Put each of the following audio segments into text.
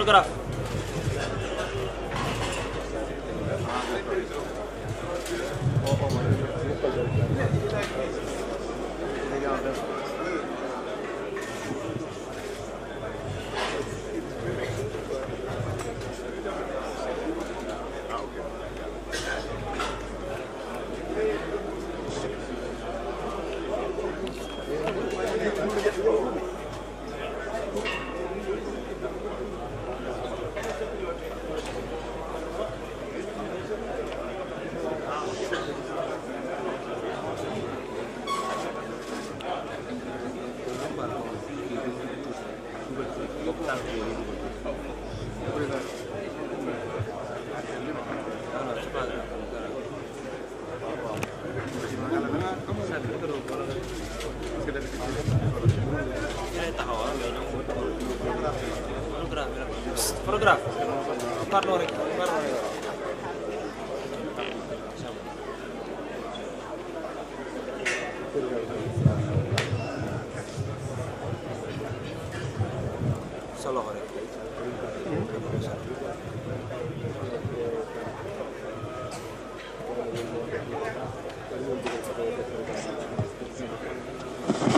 autographe. Thank you. parloo rek parloo rek. sa loxo rek. Thank you.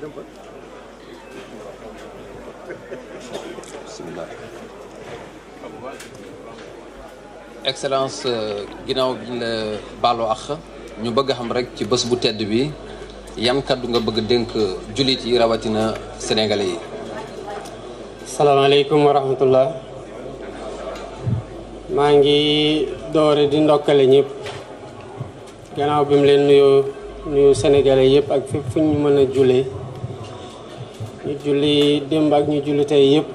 bisimilah. excellence euh, ginnaaw bi ñu bëgg a xam rekk ci bës bu tedd bi yan kàddu nga bëgg dénk jullit yi rawatina sénégalais yi. salaamaaleykum wa maa ngi doore di ndokkale ñëpp gannaaw bi mu leen nuyoo nuyu sénégalais yëpp ak fépp fu ñu mën a julee. ñu julli démb ak ñu julli tey yëpp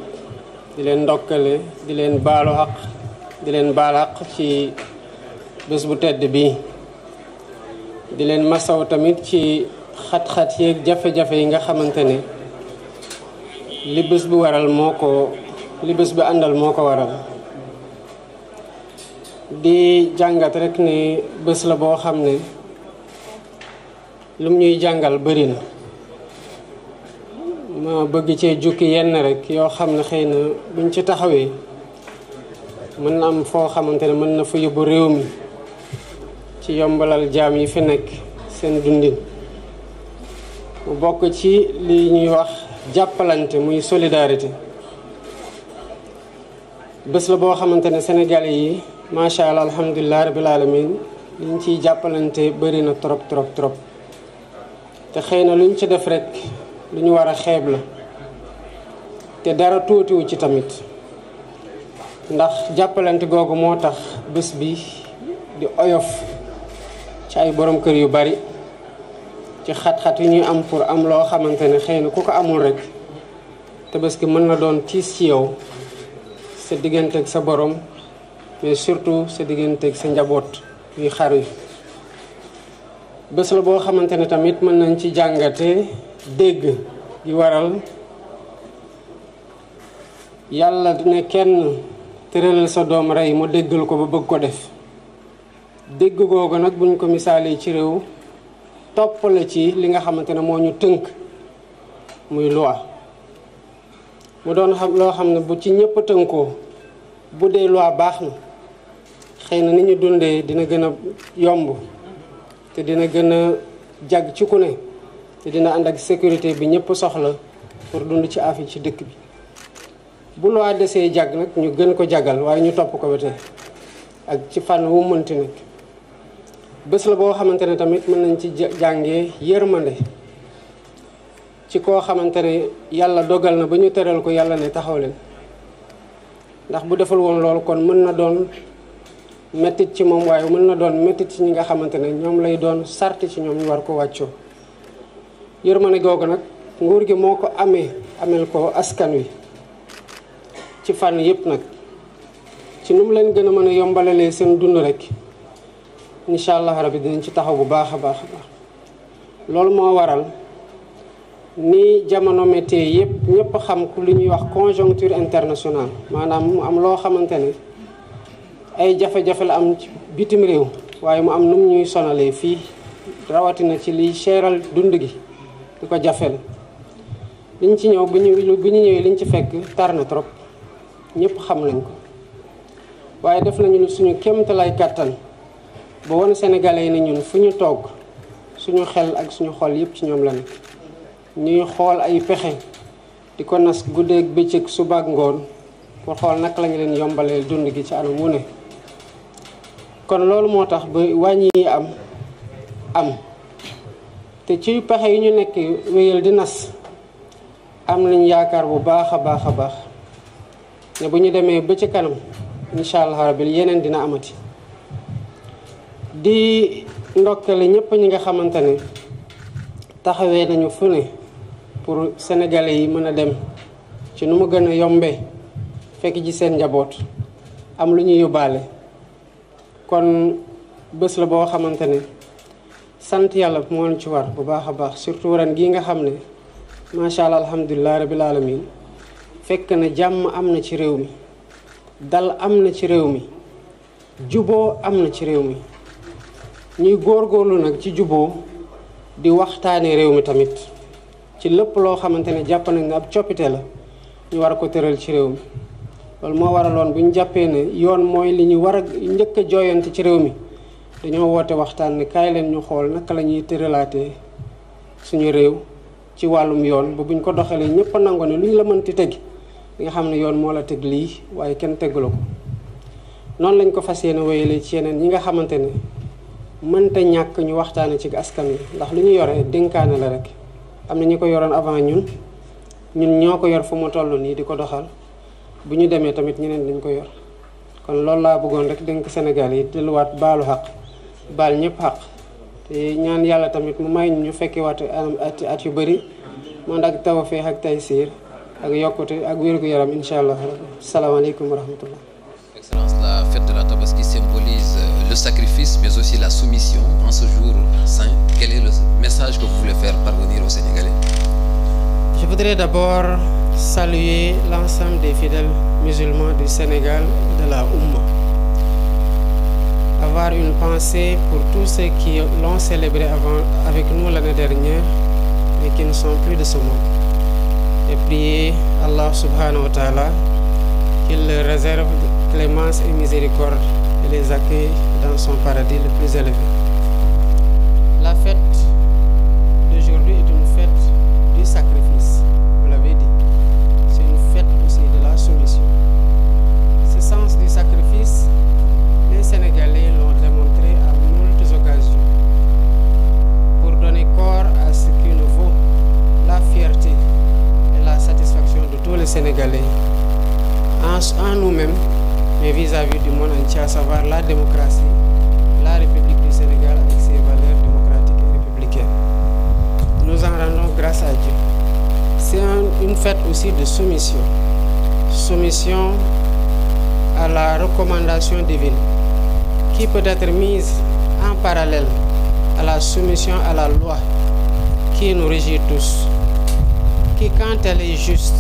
di leen ndokkale di leen baalu xaq di leen baal xaq ci bés bu tedd bi di leen masaw tamit ci xat-xat yeeg jafe-jafe yi nga xamante ne li bés bi waral moo ko li bés bu àndal moo ko waral di jàngat rekk ne bés la boo xam ne lum ñuy jàngal bari na ma bëgg cee jukki yenn rekk yoo xam ne xëy na buñ ci taxawee mën na am foo xamante ne mën na fa yóbbu réew mi ci yombalal jaam yi fi nekk seen dundin mu bokk ci li ñuy wax jàppalante muy solidarité bés la boo xamante ne Sénégalais yi macha allah alhamdulilah rabil alamin liñ ciy jàppalante bëri na trop trop trop te xëy na luñ ci def rek lu ñu war a xeeb la te dara tuutiwu ci tamit ndax jàppalante googu moo tax bés bi di oyof ci ay boroom kër yu bari ci xat-xat yi ñuy am pour am loo xamante ne xëy na ku ko amul rek tabaski mën na doon tiis ci yow sa diggante ak sa boroom mais surtout sa diggante ak sa njaboot yu xar yi bés la boo xamante ne tamit mën nañ ci jàngate dégg di waral yàlla ne kenn tëralal sa doom rey mu déggal ko ba bëgg ko def dégg googu nag buñ ko misaalee ci réew topp ci li nga xamante ne moo ñu tënk muy loi mu doon xam loo xam ne bu ci ñëpp tënkoo bu dee loi baax na xëy na ni ñu dundee dina gën a yomb te dina gën a jag ci ku ne te dina ànd ak sécurité bi ñëpp soxla pour dund ci affaire ci dëkk bi bu loi desee jàgg nag ñu gën ko jagal waaye ñu topp ko ba tey ak ci fànn wu mënti nag bés la boo xamante ne tamit mën nañ ci jàngee yërmande ci koo xamante ne yàlla dogal na ba ñu teral ko yàlla ne taxaw leen ndax bu defal woon loolu kon mën na doon mettit ci moom waaye mën na doon mettit ci ñi nga xamante ne ñoom lay doon sart ci ñoom ñu war ko wàccoo ma ne googu nag nguur gi moo ko amee ameel ko askan wi ci fànn yépp nag ci nu mu leen gën a mën a yombalalee seen dund rek incha allah rabi dinañ ci taxaw bu baax a baax a loolu moo waral ni jamono mété yëpp ñëpp xam ku li ñuy wax conjoncture international maanaam mu am loo xamante ne ay jafe-jafe la am ci bitim réew waaye mu am nu mu ñuy sonalee fii rawatina ci liy seeral dund gi di ko jafeel liñ ci ñëw bu ñu bu ñu ñëwee liñ ci fekk tar na trop ñëpp xam nañ ko waaye def nañu suñu kéemtalaay kàttan ba woon sénégalais yi ne ñun fu ñu toog suñu xel ak suñu xool yëpp ci ñoom la nekk ñuy xool ay pexe di ko nas guddeeg bëccëg suba ak ngoon pour xool naka lañu leen yombalee dund gi ci anam wu ne kon loolu moo tax ba wàññi am am te ci pexe yi ñu nekk wéyal di nas am nañ yaakaar bu baax a baax a baax ne bu ñu demee ba ci kanam incha allah rabil yeneen dina amati di ndokkale ñëpp ñi nga xamante ne taxawee nañu fu ne pour sénégalais yi mën a dem ci nu mu gën a yombee fekk ci seen njaboot am lu ñuy yóbbaale kon bés la boo xamante ne. sant yàlla moo ñu ci war bu baax a baax surtout ren gii nga xam ne macha allah alhamdulilah rabil alamin fekk na jàmm am na ci réew mi dal am na ci réew mi juboo am na ci réew mi ñuy góor góorlu nag ci juboo di waxtaanee réew mi tamit ci lépp loo xamante ne jàpp nañ nga ab coppite la ñu war a ko tëral ci réew mi loolu moo war waraloon bu ñu jàppee ne yoon mooy li ñu war a njëkk a jooyante ci réew mi. dañoo woote waxtaan ne kaay leen ñu xool naka la ñuy tëralaatee suñu réew ci wàllum yoon ba buñ ko doxalee ñëpp a nangu ne luñ la mënti teg li nga xam ne yoon moo la teg lii waaye kenn tegula noonu lañ ko fas yéene wéyalee ci yeneen ñi nga xamante ne mënta ñàkk ñu waxtaane ci askan wi ndax lu ñu yore dénkaane la rek am na ñu ko yoroon avant ñun ñun ñoo ko yor fu mu toll nii di ko doxal bu ñu demee tamit ñeneen lañ ko yor kon loolu laa bëggoon rek dénk Sénégal yi delluwaat baalu xaq baal ñëpp xaq te ñaan yàlla tamit mu may ñu fekke waat at yu bëri man ak tawfeex ak taysiir ak yokkute ak wér-gu-yaram incha allah salaamaaleykum wa rahmatullah Excellence, la fête de symbolise le sacrifice mais aussi la soumission en ce jour saint. Quel est le message que vous voulez faire parvenir aux Sénégalais? Je voudrais d'abord saluer l'ensemble des fidèles musulmans du Sénégal de la Oumma. avoir une pensée pour tous ceux qui l'ont célébré avant, avec nous l'année dernière et qui ne sont plus de ce monde. Et prier Allah subhanahu wa ta'ala qu'il leur réserve clémence et miséricorde et les accueille dans son paradis le plus élevé. mais vis-à-vis du monde entier, à savoir la démocratie, la République du Sénégal avec ses valeurs démocratiques et républicaines. Nous en rendons grâce à Dieu. C'est une fête aussi de soumission. Soumission à la recommandation divine qui peut être mise en parallèle à la soumission à la loi qui nous régit tous, qui quand elle est juste,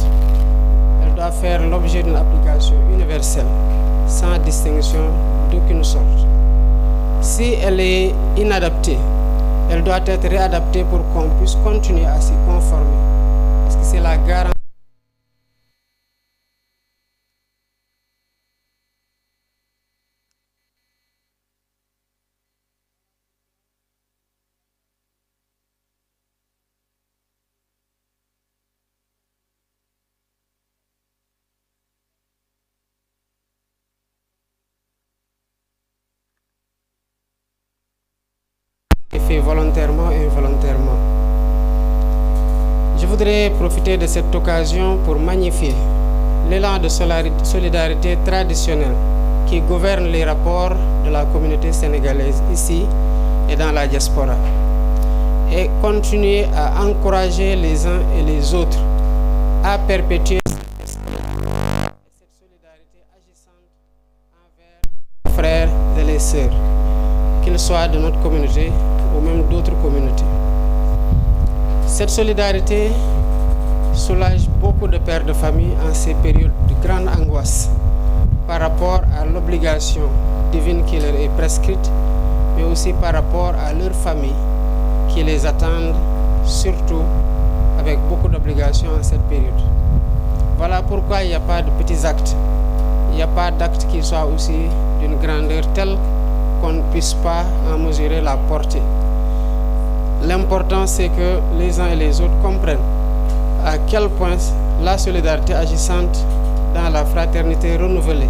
elle doit faire l'objet d'une application universelle. sans distinction d'aucune sorte. Si elle est inadaptée, elle doit être réadaptée pour qu'on puisse continuer à s'y conformer. Parce que c'est la garantie. volontairement et involontairement. Je voudrais profiter de cette occasion pour magnifier l'élan de solidarité traditionnelle qui gouverne les rapports de la communauté sénégalaise ici et dans la diaspora et continuer à encourager les uns et les autres à perpétuer cette solidarité agissante envers les frères et les sœurs, qu'ils soient de notre communauté ou même d'autres communautés. Cette solidarité soulage beaucoup de pères de famille en ces périodes de grande angoisse par rapport à l'obligation divine qui leur est prescrite, mais aussi par rapport à leurs familles qui les attendent, surtout avec beaucoup d'obligations en cette période. Voilà pourquoi il n'y a pas de petits actes. Il n'y a pas d'actes qui soient aussi d'une grandeur telle qu'on ne puisse pas en mesurer la portée. L'important, c'est que les uns et les autres comprennent à quel point la solidarité agissante dans la fraternité renouvelée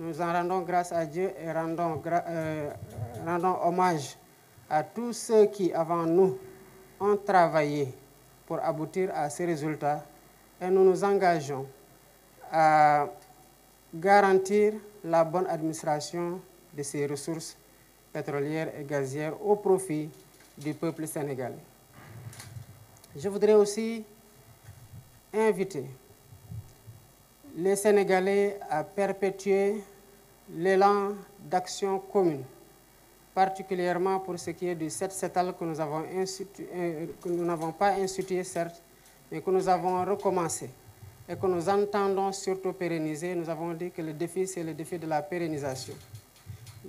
Nous en rendons grâce à Dieu et rendons, euh, rendons hommage à tous ceux qui, avant nous, ont travaillé pour aboutir à ces résultats et nous nous engageons à garantir la bonne administration de ces ressources pétrolières et gazières au profit du peuple sénégalais. Je voudrais aussi inviter les Sénégalais à perpétuer l'élan d'action commune, particulièrement pour ce qui est du 7 setal que nous avons institué, euh, que nous n'avons pas institué certes, mais que nous avons recommencé et que nous entendons surtout pérenniser. Nous avons dit que le défi, c'est le défi de la pérennisation.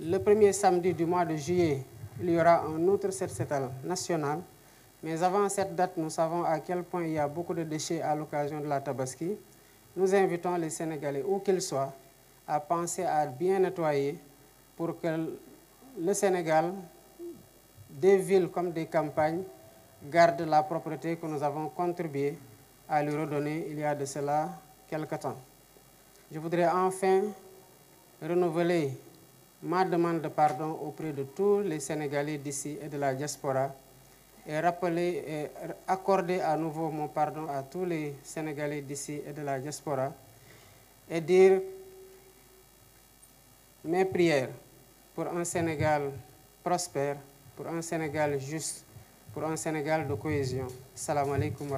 Le premier samedi du mois de juillet, il y aura un autre 7 setal national. Mais avant cette date, nous savons à quel point il y a beaucoup de déchets à l'occasion de la Tabaski. Nous invitons les Sénégalais, où qu'ils soient, à penser à bien nettoyer pour que le Sénégal, des villes comme des campagnes, garde la propreté que nous avons contribué à lui redonner il y a de cela quelque temps. Je voudrais enfin renouveler ma demande de pardon auprès de tous les Sénégalais d'ici et de la diaspora et rappeler et à nouveau mon pardon à tous les Sénégalais d'ici et de la diaspora et dire mes prières pour un Sénégal prospère, pour un Sénégal juste, pour un Sénégal de cohésion. Salam alaikum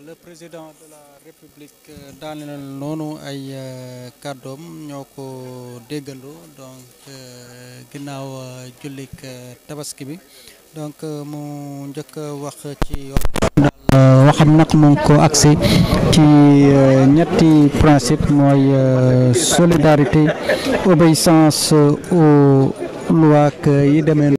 le président de la république euh, daaneel noonu ay euh, kàddoom ñoo ko déggando donc euh, ginnaaw jullik tabaski bi donc mu njëkk wax ci waxam nag mu ko axé ci ñetti principe mooy solidarité obéissance aux lois yi demee